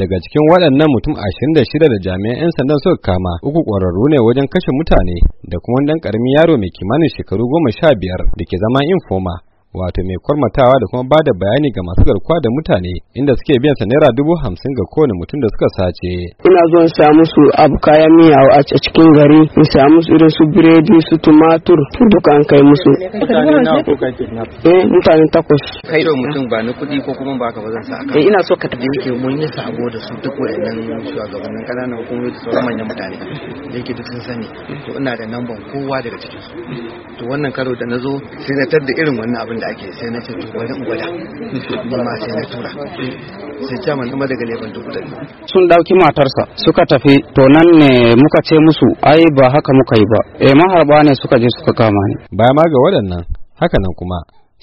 daga cikin waɗannan mutum ashirin da shida da jami'an 'yan sandan suka kama uku ƙwararru ne wajen kashe mutane da kuma ɗan ƙaramin yaro mai kimanin shekaru goma sha biyar da ke zama infoma wato mai kwarmatawa da kuma bada bayani ga masu garkuwa da mutane inda suke biyan sa naira dubu hamsin ga kowane mutum da suka sace. Ina zuwa sa musu abu kayan miya a cikin gari in sa musu irin su biredi su tumatur duka an kai musu. Mutane Eh mutane takwas. Kai da mutum ba ni kuɗi ko kuma ba ka ba zan sa. Eh ina so ka tafi yake mun yi sabo da su duk wa'annan shugabannin ƙananan hukumomi da sauran manyan mutane. da yake duk sun sani to ina da namban kowa daga cikin su to wannan karo da na sai na tar da irin wannan abin da ake sai na ce to bari in gwada ni ma sai na tura sai chairman kuma daga leban dubu da sun dauki matarsa suka tafi to nan ne muka ce musu ai ba haka muka yi ba eh maharba ne suka je suka kama ni ba ma ga waɗannan haka nan kuma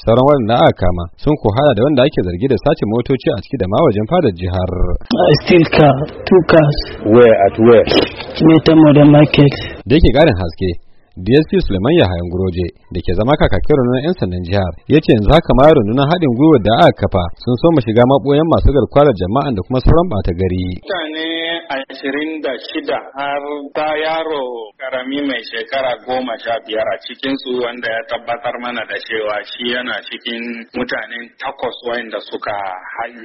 sauran waɗanda aka kama sun ko da wanda ake zargi da sace motoci a ciki da ma wajen fadar jihar still car two cars where at where meta modern market da yake garin haske DSP Suleiman Yahayan Guroje da ke zama kakakin rundunar 'yan sandan jihar ya ce yanzu haka ma rundunar haɗin gwiwar da aka kafa sun so ma shiga maɓoyan masu garkwalar jama'an da kuma sauran ɓata gari. Mutane ashirin da shida har ta yaro karami mai shekara goma sha biyar a cikinsu wanda ya tabbatar mana da cewa shi yana cikin mutanen takwas wanda suka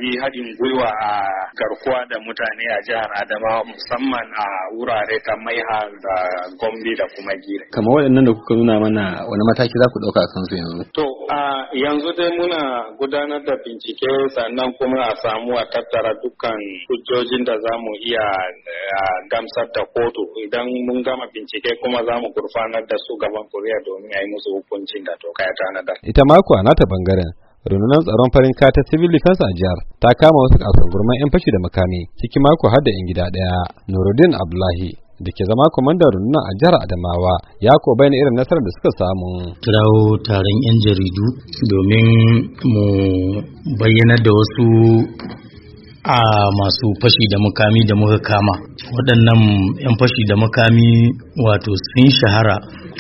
yi haɗin gwiwa a garkuwa da mutane a jihar Adamawa musamman a wurare ta Maiha da Gombe da kuma Gire. Kama waɗannan da kuka nuna mana wani mataki za ku ɗauka a kansu yanzu? To, a yanzu dai muna gudanar da bincike sannan kuma a samu a tattara dukkan hujjojin da za mu iya gamsar da kotu idan mun gama bincike kuma za mu gurfanar da su gaban kuriya domin a yi musu hukuncin da toka ya tanadar. Ita mako a nata bangaren rundunar tsaron farin kata civil defense a jihar ta kama wasu gurman 'yan fashi da makami ciki mako har da 'yan gida ɗaya nuruddin abdullahi da ke zama kwamandan rundunar a jihar adamawa ya ko bayan irin nasarar da suka samu kirawo taron 'yan jaridu domin mu bayyana da wasu a masu fashi da mukami da muka kama waɗannan 'yan fashi da mukami wato sun shahara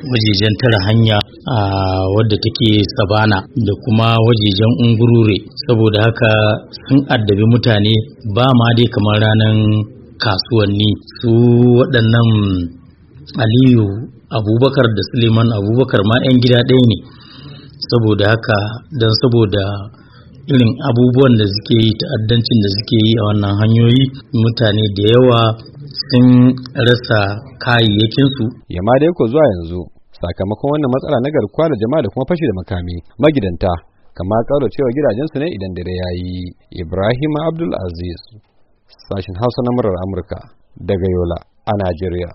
wajejen tara hanya a wadda take sabana da kuma wajejen ungurure saboda haka sun addabi mutane ba ma dai kamar ranar kasuwanni su waɗannan aliyu abubakar da suleiman abubakar ma 'yan gida ɗaya ne saboda haka don saboda irin abubuwan da suke yi ta'addancin da suke yi a wannan hanyoyi mutane da yawa sun rasa kayayyakinsu yamma dai ko zuwa yanzu sakamakon wannan matsala na garkuwa da jama'a da kuma fashi da makami magidanta kama kaura cewa gidajensu ne idan dare ya yi ibrahim abdul aziz sashin hausa na murar amurka daga yola a najeriya